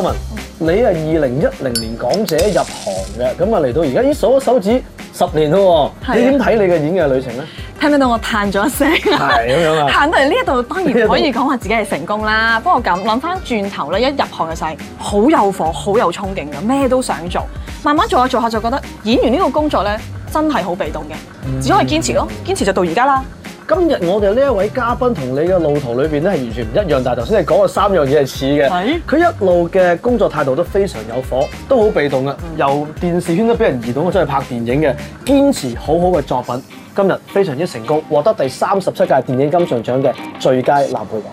文，你係二零一零年港姐入行嘅，咁啊嚟到而家咦，數咗手指十年咯。的你點睇你嘅演藝旅程咧？聽唔聽到我嘆咗一聲係咁樣啊。行 到嚟呢一度，當然,這裡 當然可以講話自己係成功啦。不過咁諗翻轉頭咧，一入行嘅時候好有火，好有憧憬嘅，咩都想做。慢慢做下做下就覺得演員呢個工作咧真係好被動嘅，只可以堅持咯。堅持就到而家啦。今日我哋呢一位嘉賓同你嘅路途裏面咧係完全唔一樣，但係頭先你講嘅三樣嘢係似嘅。係，佢一路嘅工作態度都非常有火，都好被動嘅。由電視圈都俾人移動咗出去拍電影嘅，堅持好好嘅作品。今日非常之成功，獲得第三十七屆電影金像獎嘅最佳男配角。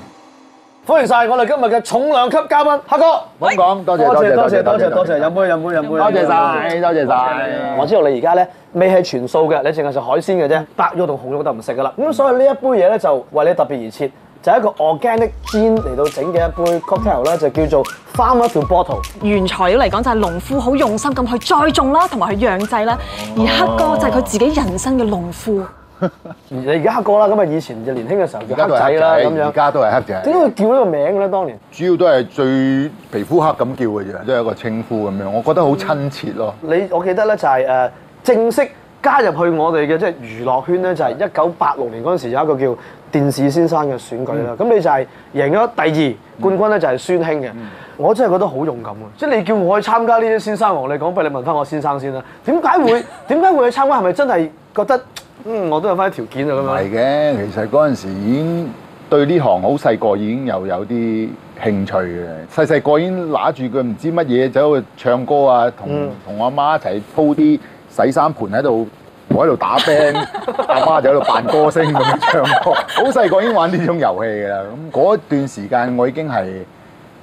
歡迎曬我哋今日嘅重量級嘉賓，黑哥。唔好講，多謝多謝多謝多謝多謝，飲杯飲杯飲杯。多謝曬，多謝曬。我知道你而家呢。未係全素嘅，你淨係食海鮮嘅啫，白肉同紅肉都唔食㗎喇。咁所以呢一杯嘢咧就為你特別而設，就係、是、一個 organic gin 嚟到整嘅一杯 cocktail 咧、嗯，就叫做 Farm to Bottle。原材料嚟講就係、是、農夫好用心咁去栽種啦，同埋去釀製啦。而黑哥就係佢自己人生嘅農夫。哦、 而你而家黑哥啦，咁啊以前就年輕嘅時候叫黑仔啦，咁樣。而家都係黑仔。點解樣叫呢個名嘅咧？當年主要都係最皮膚黑咁叫嘅啫，都係一個稱呼咁樣。我覺得好親切咯。 你我記得咧就係、是、誒。Uh, 正式加入去我哋嘅即係娛樂圈咧，就係一九八六年嗰陣時有一個叫電視先生嘅選舉啦。咁、嗯、你就係贏咗第二、嗯、冠軍咧、嗯，就係孫興嘅。我真係覺得好勇敢啊，即係你叫我去參加呢啲先生王，你講，不如你問翻我先生先啦。點解會，點解會去參加？係咪真係覺得嗯我都有翻啲條件啊咁樣，係嘅，其實嗰陣時已經對呢行好細個已經又有啲興趣嘅。細細個已經拿住佢唔知乜嘢走去唱歌啊，同同阿媽一齊鋪啲。洗衫盤喺度，我喺度打 band，阿媽就喺度扮歌星咁樣唱歌。好細個已經玩呢種遊戲㗎啦。咁嗰段時間，我已經係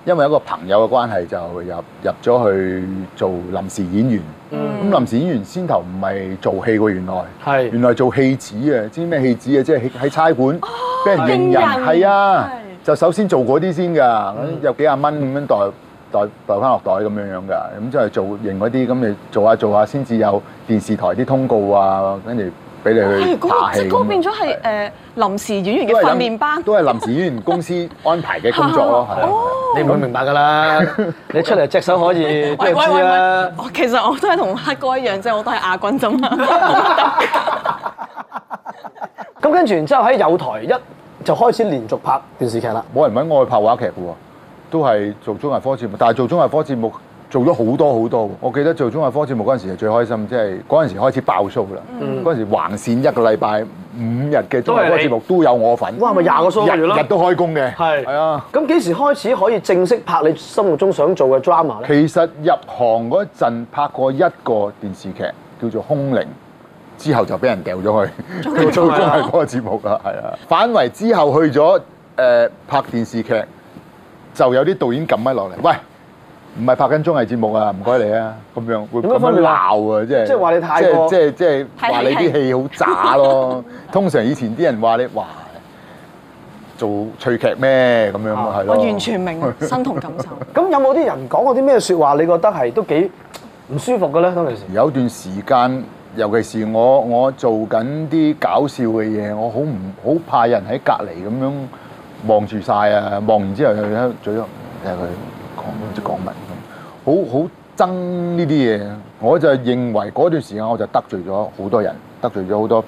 因為一個朋友嘅關係，就入入咗去做臨時演員。咁臨時演員先頭唔係做戲喎，原來係原來做戲子啊！知咩戲子啊？即係喺差館俾人認人，係啊，就首先做嗰啲先㗎。有幾廿蚊咁樣袋。袋袋翻落袋咁樣樣㗎，咁即係做型嗰啲，咁你做下做下先至有電視台啲通告啊，跟住俾你去打戲變咗係誒臨時演員嘅訓練班，都係臨時演員公司安排嘅工作咯。係你唔會明白㗎啦。你出嚟隻手可以，你其實我都係同黑哥一樣，即係我都係亞軍啫嘛。咁跟住然之後喺友台一就開始連續拍電視劇啦。冇人揾我去拍話劇嘅喎。都係做綜藝科節目，但係做綜藝科節目做咗好多好多。我記得做綜藝科節目嗰陣時係最開心，即係嗰陣時開始爆 show 啦。嗰陣、嗯、時橫線一個禮拜五日嘅綜藝科節目都有我份。哇！咪廿個 show 個，日日都開工嘅。係係是啊。咁幾時開始可以正式拍你心目中想做嘅 drama 咧？其實入行嗰陣拍過一個電視劇叫做《空靈》，之後就俾人掉咗去於叫做綜藝科節目啦。係啊，啊，反為之後去咗誒、呃、拍電視劇。就有啲導演撳返落嚟，喂，唔係拍緊綜藝節目啊，唔該是是你啊，咁樣會咁樣鬧啊，即係即係話你太過即係即係即係話你啲戲好渣咯。 通常以前啲人話你：「哇，做趣劇咩咁樣啊，咯。哦、係咯，我完全明，身 同感受。咁 有冇啲人講過啲咩説話？你覺得係都幾唔舒服嘅咧？當時有段時間，尤其是我我做緊啲搞笑嘅嘢，我好唔好怕人喺隔離咁樣。望住晒啊！望完之後又喺度嘴佢講都唔知講乜，好好憎呢啲嘢。我就認為嗰段時間我就得罪咗好多人，得罪咗好多誒誒、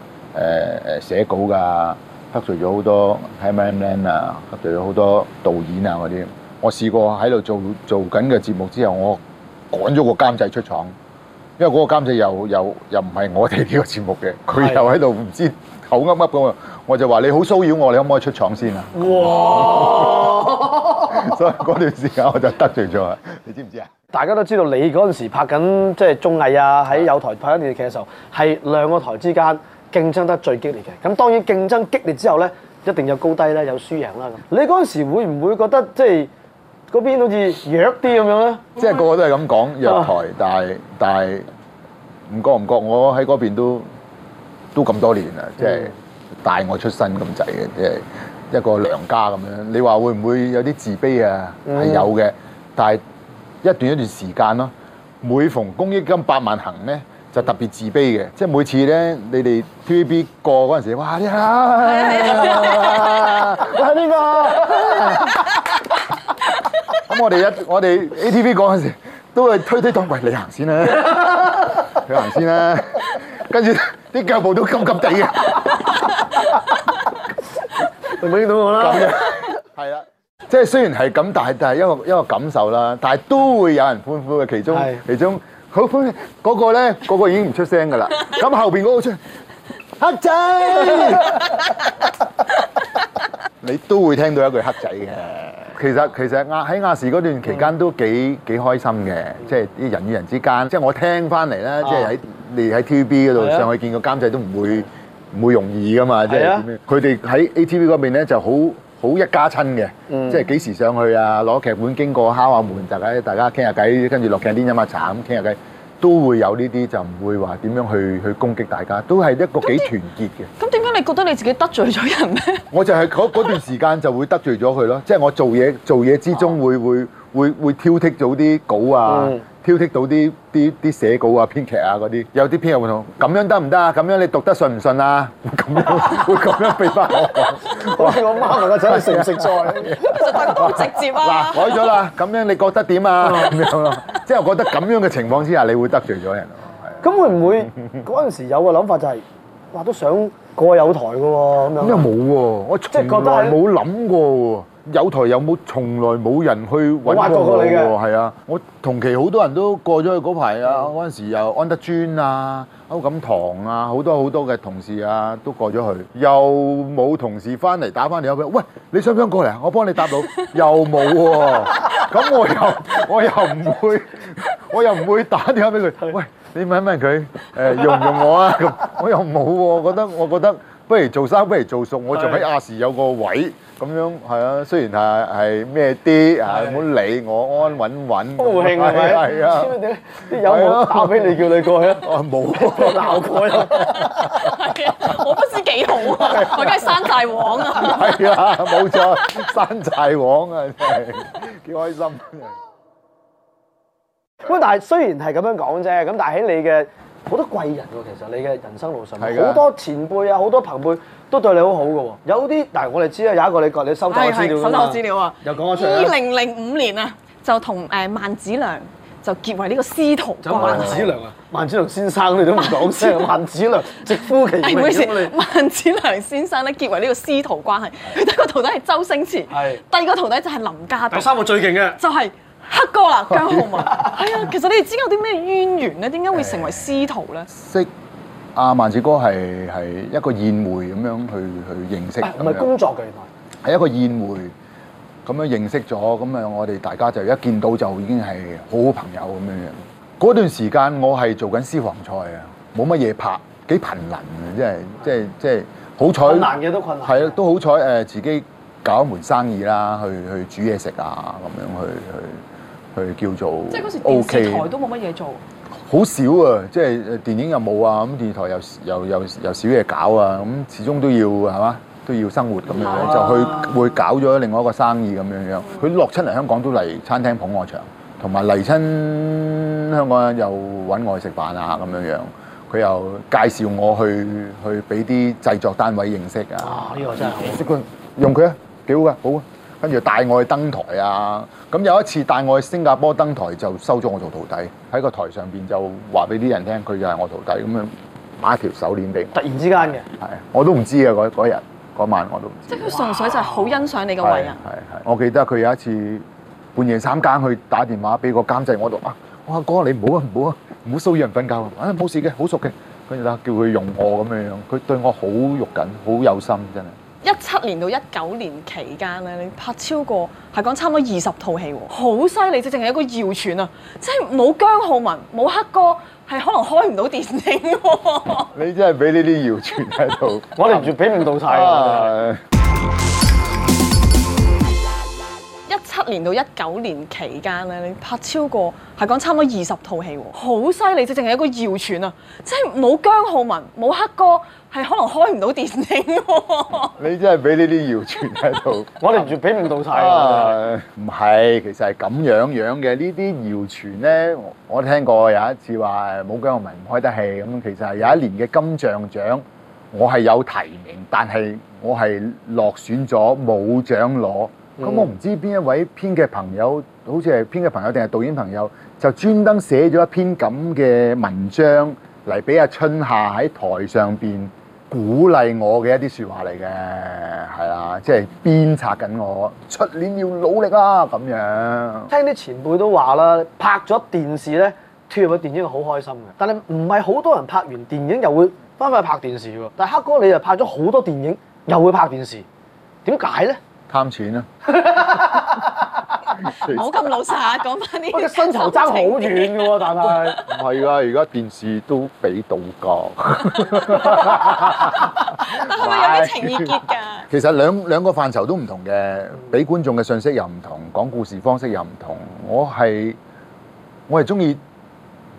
呃、寫稿噶，得罪咗好多 cameraman 啊，得罪咗好多，多導演啊嗰啲。我試過喺度做做緊嘅節目之後，我趕咗個監製出廠，因為嗰個監製又又又唔係我哋呢個節目嘅，佢又喺度唔知是的。好噏噏嘅，我就話你好騷擾我，你可唔可以出廠先啊？哇！ 所以嗰段時間我就得罪咗，你知唔知啊？大家都知道你嗰陣時拍緊即係綜藝啊，喺友台拍緊電視劇嘅時候，係兩個台之間競爭得最激烈嘅。咁當然競爭激烈之後咧，一定有高低啦，有輸贏啦。咁你嗰陣時會唔會覺得即係嗰邊好似弱啲咁樣咧？即係個個都係咁講弱台，啊、但係但係唔覺唔覺，我喺嗰邊都。都咁多年啦，即係帶我出身咁滯嘅，即係一個娘家咁樣。你話會唔會有啲自卑啊？係有嘅，但係一段一段時間咯。每逢公益金百萬行咧，就特別自卑嘅。即係每次咧，你哋 TVB 過嗰陣時，哇呀！係邊個？咁我哋一我哋 ATV 過嗰陣時，都係推推當，喂，你行先啦，你行先啦，跟住，啲腳步都咁急地嘅，明唔明到我啦？係啦，即係雖然係咁，但係但係一個一個感受啦。但係都會有人歡呼嘅，其中其中好歡嗰個咧，個個已經唔出聲㗎啦。咁後邊嗰個出黑仔，你都會聽到一句黑仔嘅。其實其實亞喺亞視嗰段期間都幾幾開心嘅，即係啲人與人之間。即係我聽翻嚟咧，啊、即係喺你喺 TVB 嗰度上去見個監製都唔會唔、嗯、會容易㗎嘛。即係佢哋喺 ATV 嗰邊咧就好好一家親嘅，嗯、即係幾時上去啊攞劇本經過敲下門，大家大家傾下偈，跟住落鏡啲飲下茶咁傾下偈，都會有呢啲，就唔會話點樣去去攻擊大家，都係一個幾團結嘅。咁點解你覺得你自己得罪咗人呢？ 我就係嗰段時間就會得罪咗佢咯，即係我做嘢做嘢之中會、啊、會會、會挑剔咗啲稿啊。嗯挑剔到啲啲啲寫稿啊、編劇啊嗰啲，有啲編入唔同，咁樣得唔得啊？咁樣你讀得順唔順啊？會咁樣，會咁樣畀翻我。我我媽咪個仔食唔食菜？就太過直接啦。嗱，改咗啦，咁樣你覺得點啊？咁樣，即係我覺得咁樣嘅情況之下，你會得罪咗人喎。咁會唔會嗰陣時有個諗法就係話都想過有台㗎喎，咁樣。咁又冇喎，我從來冇諗過喎。有台有冇？從來冇人去揾過我喎。係啊，我同期好多人都過咗去嗰排啊。嗰陣時又安德尊啊、歐錦棠啊，好多好多嘅同事啊都過咗去，又冇同事翻嚟打翻電話俾我。喂，你想唔想過嚟啊？我幫你答到。又冇喎。咁我又我又唔會，我又唔會打電話俾佢。是的 喂，你問一問佢誒用唔用我啊？咁我又冇喎。覺得我覺得。不如做生，不如做熟。我仲喺亞視有個位，咁樣係啊。雖然係係咩啲嚇，唔好理我，安穩穩。高興啊！係啊！有冇打俾你叫你過去啊？我冇鬧過，我不知幾好啊！我梗係山寨王啊！係啊，冇錯，山寨王啊，真係幾開心。咁但係雖然係咁樣講啫，咁但係喺你嘅。好多貴人喎，其實你嘅人生路上好多前輩啊，好多朋輩都對你好好嘅喎。有啲，但係我哋知啦，有一個你你收咗資料啦，收咗資料啊，又講咗出嚟。二零零五年啊，就同誒、欸、萬梓良就結為呢個師徒關係。就萬梓良啊，萬梓良先生你都唔講，即係萬梓良直呼其名。唔好意思。萬梓良先生咧，結為呢個師徒關係，佢第一個徒弟係周星馳，的第二個徒弟就係林家棟，第三個最勁嘅就係、是。黑哥啦，姜皓文。啊、 哎，其實你哋知有啲咩淵源咧？點解會成為師徒咧？識阿、啊、萬子哥係係一個宴會咁樣去去認識，唔係、哎、工作嘅原來係一個宴會咁樣認識咗，咁啊我哋大家就一見到就已經係好好朋友咁樣。嗰段時間我係做緊私房菜啊，冇乜嘢拍幾頻能，啊，即係即係即係好彩難嘅都困難，係啊，都好彩誒自己搞一門生意啦，去去，去煮嘢食啊咁樣去去。去佢叫做，即係嗰時電視台都冇乜嘢做，好少啊！即係電影又冇啊，咁電視台又又又又少嘢搞啊，咁始終都要係嘛，都要生活咁樣樣，就去會搞咗另外一個生意咁樣樣。佢落親嚟香港都嚟餐廳捧我場，同埋嚟親香港又搵我食飯啊咁樣樣。佢又介紹我去去俾啲製作單位認識啊。呢個真係，識佢用佢啊，幾好噶，好啊！跟住帶我去登台啊！咁有一次帶我去新加坡登台，就收咗我做徒弟。喺個台上邊就話俾啲人聽，佢就係我徒弟。咁樣買一條手鏈俾，突然之間嘅，係我都唔知嘅，嗰嗰日嗰晚我都唔知。即係佢純粹就係好欣賞你嘅位啊。係係，我記得佢有一次半夜三更去打電話俾個監製，我度啊，我阿哥，你唔好啊唔好啊唔好騷擾人瞓覺啊！冇事嘅，好熟嘅。跟住啦，叫佢用我咁樣樣，佢對我好肉緊，好有心真係。一七年到一九年期間咧，你拍超過係講差唔多二十套戲喎，好犀利！即係淨係一個謠傳啊，即係冇姜皓文冇黑哥係可能開唔到電影 你真係俾呢啲謠傳喺度， 我哋完全俾唔到晒。 啊年到一九年期間咧，你拍超過係講差唔多二十套戲，好犀利！即係淨係一個謠傳啊，即係冇姜皓文冇黑哥係可能開唔到電影。你真係俾呢啲謠傳喺度， 我哋完全俾唔到曬。唔係、啊，其實係咁樣樣嘅呢啲謠傳咧，我聽過有一次話冇姜皓文唔開得戲咁，其實係有一年嘅金像獎，我係有提名，但係我係落選咗冇獎攞。咁我唔知邊一位編劇朋友，好似係編劇朋友定係導演朋友，就專登寫咗一篇咁嘅文章嚟俾阿春夏喺台上邊鼓勵我嘅一啲説話嚟嘅，係啊，即係鞭策緊我出年要努力啊。咁樣。聽啲前輩都話啦，拍咗電視咧，跳入去電影好開心嘅，但係唔係好多人拍完電影又會翻返去拍電視喎？但係黑哥你又拍咗好多電影，又會拍電視，點解咧？貪錢啊！唔好咁老實講翻呢啲薪酬爭好遠嘅喎，但係唔係㗎？而家電視都俾到㗎，係咪有啲情意結㗎？其實兩兩個範疇都唔同嘅，俾觀眾嘅信息又唔同，講故事方式又唔同。我係我係中意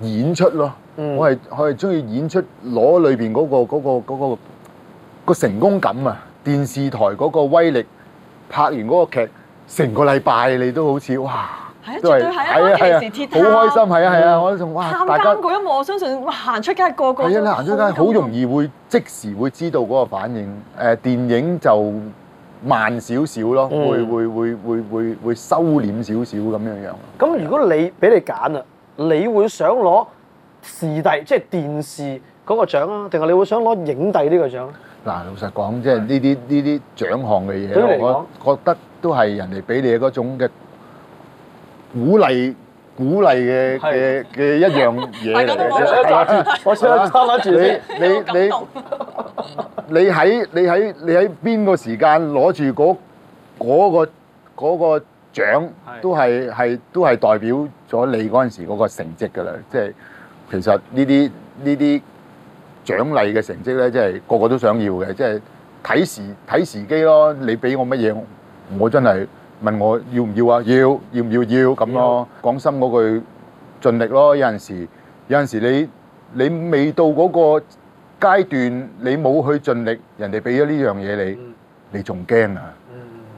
演出咯，我係我係中意演出攞裏邊嗰個嗰個嗰個個成功感啊！電視台嗰個威力。拍完嗰個劇，成個禮拜你都好似哇，絕對都係是啊，好、啊、開心，係啊係啊、嗯，我相信哇，探監嗰一幕，我相信行出街個個係啊，你行出街好容易會即時會知道嗰個反應。誒、呃，電影就慢少少咯，會會會會會會收斂少少咁樣、嗯、樣。咁、嗯、如果你俾你揀啊，你會想攞視帝，即、就、係、是、電視嗰個獎啊，定係你會想攞影帝呢個獎？嗱，老實講，即係呢啲呢啲獎項嘅嘢，文我覺得都係人哋俾你嗰種嘅鼓勵，鼓勵嘅嘅嘅一樣嘢嚟嘅。 ini, 我想，攤住你 你，你 你你你喺你喺你喺邊個時間攞住嗰嗰個嗰個獎，都係係 是的 都係代表咗你嗰陣時嗰個成績㗎啦。即係其實呢啲呢啲。獎勵嘅成績咧，即係個個都想要嘅，即係睇時睇時機咯。你俾我乜嘢，我真係問我要唔要啊？要，要唔要要咁咯。講心嗰句，盡力咯。有陣時，有陣時你你未到嗰個階段，你冇去盡力，人哋俾咗呢樣嘢你，你仲驚啊！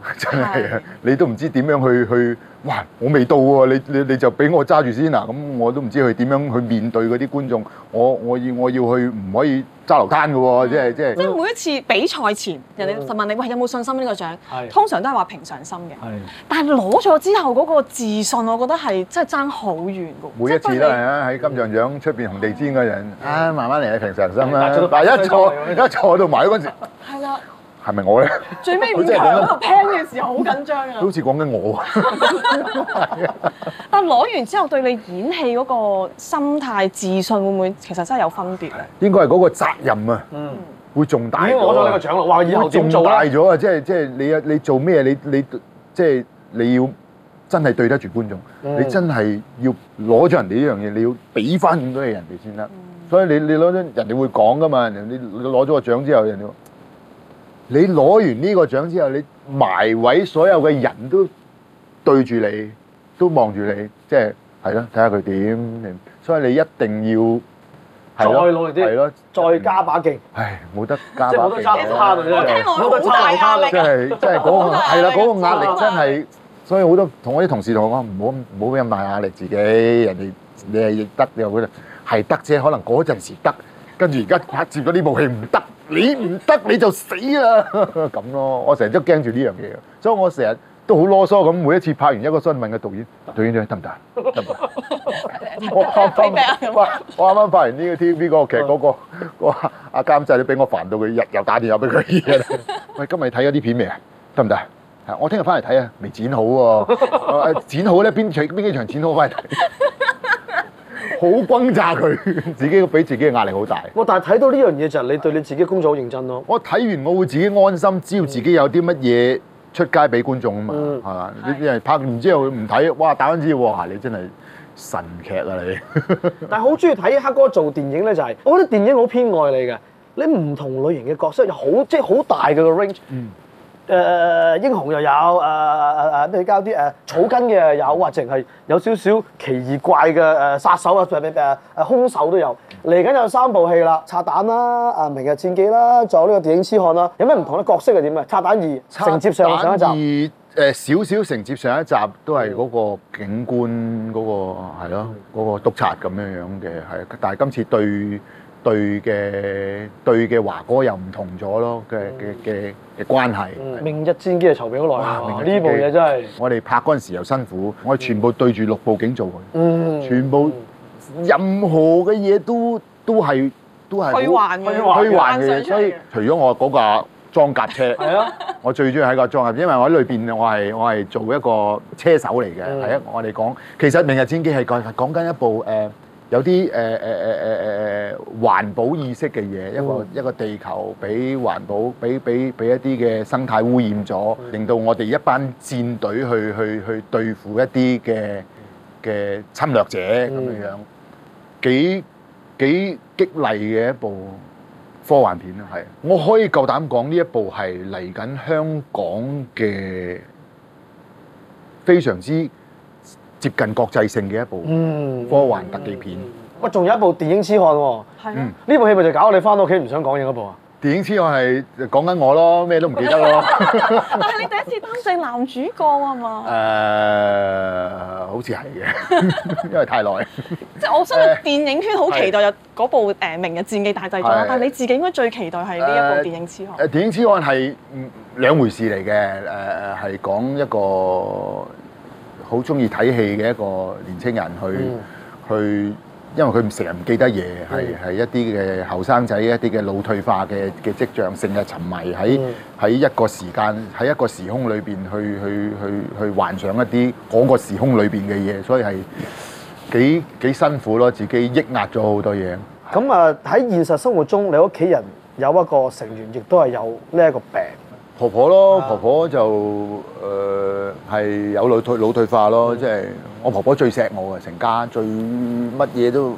真係啊！你都唔知點樣去去，哇！我未到喎，你你你就俾我揸住先啊！咁我都唔知佢點樣去面對嗰啲觀眾，我我要我要去唔可以揸流攤嘅喎，即係即係。即係每一次比賽前，人哋就問你：喂、欸，有冇信心呢、這個獎？是通常都係話平常心嘅。是但係攞咗之後嗰個自信，我覺得係真係爭好遠，每一次都係啊，喺過金像獎出邊紅地氈嘅人，啊是的，慢慢嚟，平常心啦、啊。但一坐一坐，坐到埋嗰陣。係啦。 係咪我咧？最尾唔五場喺頒嘅時候好緊張啊！好似講緊我。 但攞完之後對你演戲嗰個心態自信會唔會其實真係有分別？應該係嗰個責任啊！嗯，會，會重大。攞咗呢個獎落，哇！以後仲做大咗啊！即係即係你啊！你做咩？你你即係你要真係對得住觀眾。嗯、你真係要攞咗人哋呢樣嘢，你要俾翻咁多嘢人哋先得。嗯、所以你你攞咗人哋會講噶嘛，你攞咗個獎之後，人哋。你攞完呢個獎之後，你埋位所有嘅人都對住你，都望住你，即係係咯，睇下佢點。所以你一定要再攞啲，係咯，再加把勁。唉，冇得加把勁。真係好大壓力，真係真係嗰個係啦，嗰個壓力真係。所以好多同我啲同事同我講，唔好唔好俾咁大壓力自己。人哋你係得，你話佢係得啫，可能嗰陣時得，跟住而家拍接咗呢部戲唔得。你唔得你就死啦咁咯，我成日都驚住呢樣嘢，所以我成日都好囉嗦咁。每一次拍完一個新聞嘅導演，導演你得唔得？得唔得？ 我啱啱發， 我啱啱拍完呢個 TVB 嗰個劇嗰、 嗰個，阿、啊、監製你俾我煩到佢日又打電話俾佢。喂， 今日睇咗啲片未啊？得唔得？係，我聽日翻嚟睇啊，未剪好喎。剪好咧，邊場邊幾場剪好翻嚟睇？好轟炸佢自己，俾自己嘅壓力好大。哇、哦！但係睇到呢樣嘢就係你對你自己工作好認真咯、哦。我睇完我會自己安心，知道自己有啲乜嘢出街俾觀眾啊嘛，係嘛？啲人拍完之後唔睇，哇！打分紙哇！你真係神劇啊你！ 但係好鍾意睇黑哥做電影咧，就係、是、我覺得電影好偏愛你嘅，你唔同類型嘅角色又好，即係好大嘅 range。嗯誒英雄又有，誒誒誒咩交啲誒草根嘅有，或者係有少少奇異怪嘅誒殺手啊，或者誒誒兇手都有。嚟緊有三部戲啦，《拆彈啦》，《啊明日戰記啦》，仲有呢個《電影痴漢啦》。有咩唔同嘅角色係點啊？2，上上《拆彈二、呃》承接上一集，二誒少少承接上一集都係嗰個警官嗰、嗰個係咯，嗰、啊嗰個督察咁樣樣嘅係，但係今次對對嘅，對嘅，華哥又唔同咗咯嘅嘅嘅關係。明日戰機嘅籌備好耐啊！呢部嘢真係我哋拍嗰陣時又辛苦，我哋全部對住六部景做，佢全部任何嘅嘢都都係都係虛幻嘅，虛幻嘅。所以除咗我嗰個裝甲車，我最中意喺個裝甲，因為我喺裏邊，我係我係做一個車手嚟嘅。第一我哋講，其實《明日戰機》係講講緊一部誒。有啲誒誒誒誒誒誒環保意識嘅嘢，一個、嗯、一個地球俾環保俾俾俾一啲嘅生態污染咗，令到我哋一班戰隊去去去對付一啲嘅嘅侵略者咁樣樣，嗯、幾幾激勵嘅一部科幻片啦，係我可以夠膽講呢一部係嚟緊香港嘅非常之。接近國際性嘅一部科幻特技片。哇、嗯，仲、嗯嗯、有一部電影《痴漢》喎嗎。係、嗯。呢部戲咪就搞你返到屋企唔想講嘢嗰部啊？電影《痴漢》係講緊我咯，咩都唔記得咯。但係你第一次擔正男主角啊嘛？誒，好似係嘅，因為太耐。即係我相信電影圈好期待有嗰部誒《明日戰記》大製作、uh, 但係你自己應該最期待係呢一部電影《痴漢》。誒，電影《痴漢》係兩回事嚟嘅。誒誒，係講一個。好中意睇戲嘅一個年青人去，去、嗯、去，因為佢成日唔記得嘢，係係、嗯、一啲嘅後生仔一啲嘅腦退化嘅嘅跡象，性嘅沉迷喺喺、嗯、一個時間喺一個時空裏邊去去去去，去幻想一啲嗰個時空裏邊嘅嘢，所以係幾幾辛苦咯，自己抑壓咗好多嘢。咁啊喺現實生活中，你屋企人有一個成員亦都係有呢一個病，婆婆咯，婆婆就誒。呃係有老退老退化咯，即係我婆婆最錫我嘅，成家最乜嘢都，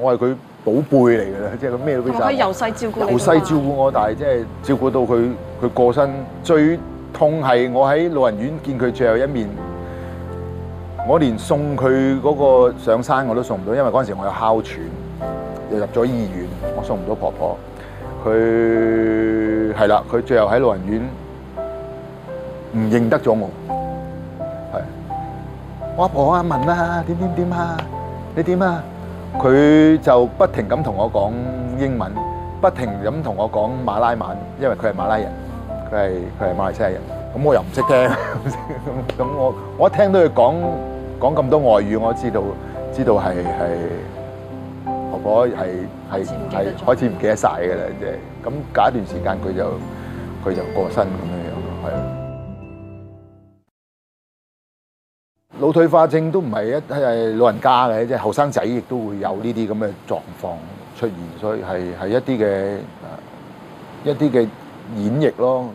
我係佢寶貝嚟嘅啦，即係佢咩都佢。我可以由細照顧你。由細照顧我，但係即係照顧到佢佢過身，最痛係我喺老人院見佢最後一面。我連送佢嗰個上山我都送唔到，因為嗰陣時我有哮喘，又入咗醫院，我送唔到婆婆。佢係啦，佢最後喺老人院唔認得咗我。我阿婆阿文啊，點點點啊，你點啊？佢就不停咁同我講英文，不停咁同我講馬拉文，因為佢係馬拉人，佢係佢係馬來西亞人。咁我又唔識聽，咁 我我一聽到佢講講咁多外語，我知道知道係係婆婆係係係開始唔記得晒嘅啦，即係咁隔一段時間佢就佢就過身咁樣樣咯，腦退化症都唔係一係老人家嘅，即係後生仔亦都會有呢啲咁嘅狀況出現，所以係係一啲嘅一啲嘅演繹咯，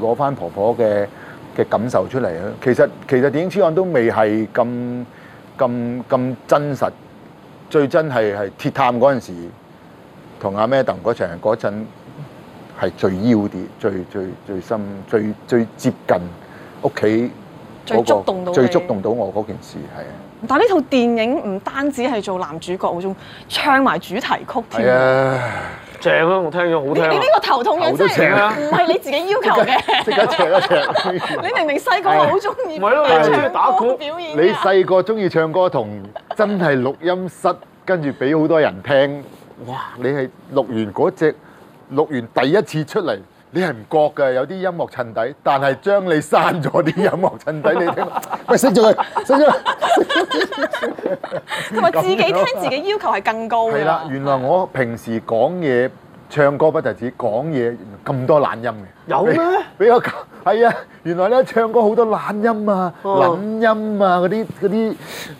攞翻婆婆嘅嘅感受出嚟咯。其實其實電影《痴案》都未係咁咁咁真實，最真係係《鐵探》嗰陣時同阿 Madam 嗰場嗰陣係最妖啲、最最最深、最最接近屋企。最觸動到你，最觸動到我嗰件事係啊！但係呢套電影唔單止係做男主角，仲唱埋主題曲添啊！正啊！我聽咗好聽。你呢個頭痛癥，唔係你自己要求嘅。即刻唱一唱！你明明細個好中意。係咯，你中意打鼓表演。你細個中意唱歌，同真係錄音室跟住俾好多人聽，哇！你係錄完嗰隻，錄完第一次出嚟。你係唔覺嘅，有啲音樂襯底，但係將你刪咗啲音樂襯底， 你聽，喂，熄咗佢，熄咗佢。同埋自己聽自己要求係更高。係啦，原來我平時講嘢、唱歌不就止講嘢咁多懶音嘅。有咩嗎？比較係啊，原來咧唱歌好多懶音啊、懶、哦、音啊嗰啲、嗰啲、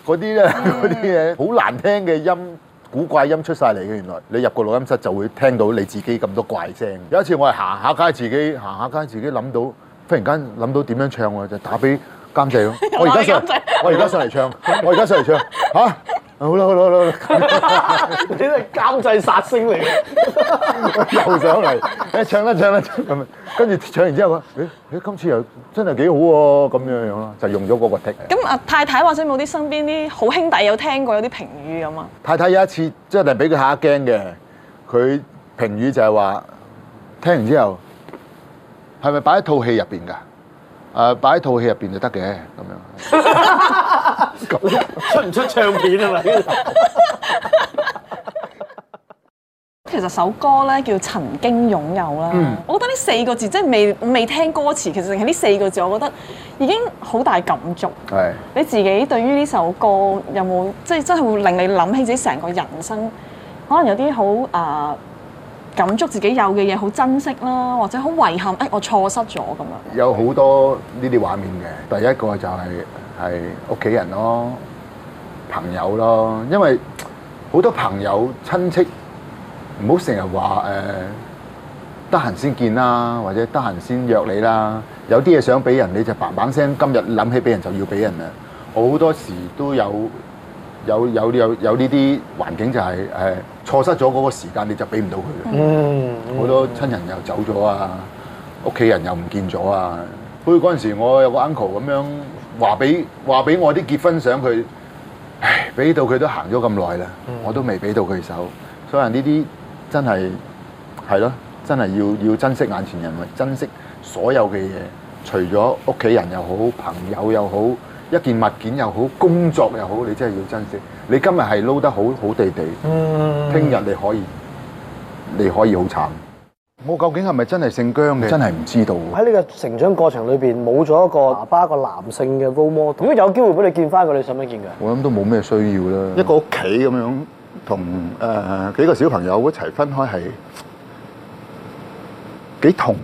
嗰啲啊、啲嘢，好難聽嘅音。古怪音出晒嚟嘅，原來你入個錄音室就會聽到你自己咁多怪聲。有一次我係行下街，自己行下街，自己諗到，忽然間諗到點樣唱喎，就打俾監製咯。 我而家上， 我而家上嚟唱， 我而家上嚟唱，嚇、 啊！好啦好啦好啦，你都係監製殺星嚟嘅，又上嚟，誒唱啦唱啦，咁，跟住唱完之後話，誒誒今次又真係幾好喎，咁樣樣啦，就用咗個剔。咁阿太太話：想冇啲身邊啲好兄弟有聽過有啲評語咁啊？太太有一次真係俾佢嚇一驚嘅，佢評語就係話：聽完之後係咪擺喺套戲入邊㗎？誒擺喺套戲入邊就得嘅咁樣， 出唔出唱片啊嘛？其實首歌咧叫曾經擁有啦，嗯、我覺得呢四個字即係未未聽歌詞，其實係呢四個字，我覺得已經好大感觸。係的你自己對於呢首歌有冇即係真係會令你諗起自己成個人生？可能有啲好誒。Uh, 感觸自己有嘅嘢，好珍惜啦，或者好遺憾，誒、哎、我錯失咗咁樣啊！有好多呢啲畫面嘅，第一個就係係屋企人咯，朋友咯，因為好多朋友親戚唔好成日話誒得閒先見啦，或者得閒先約你啦，有啲嘢想俾人，你就砰砰聲今日諗起俾人就要俾人啦，我好多時都有。有有有有呢啲環境就係、係、誒錯失咗嗰個時間，你就俾唔到佢嗯，好、mm hmm。多親人又走咗啊，屋企人又唔見咗啊。好似嗰陣時，我有個 uncle 咁樣話俾話俾我啲結婚相佢，唉，俾到佢都行咗咁耐啦，mm hmm。我都未俾到佢手。所以呢啲真係係咯，真係要要珍惜眼前人，珍惜所有嘅嘢，除咗屋企人又好，朋友又好。一件物件又好，工作又好，你真係要珍惜。你今日係撈得好好地地，嗯，聽日你可以，你可以好慘。我究竟係咪真係姓姜嘅？真係唔知道。喺呢個成長過程裏邊，冇咗一個爸爸，一個男性嘅 role model。如果有機會俾你見翻佢，你想唔想見佢？我諗都冇咩需要啦。一個屋企咁樣，同誒幾個小朋友一齊分開係幾同。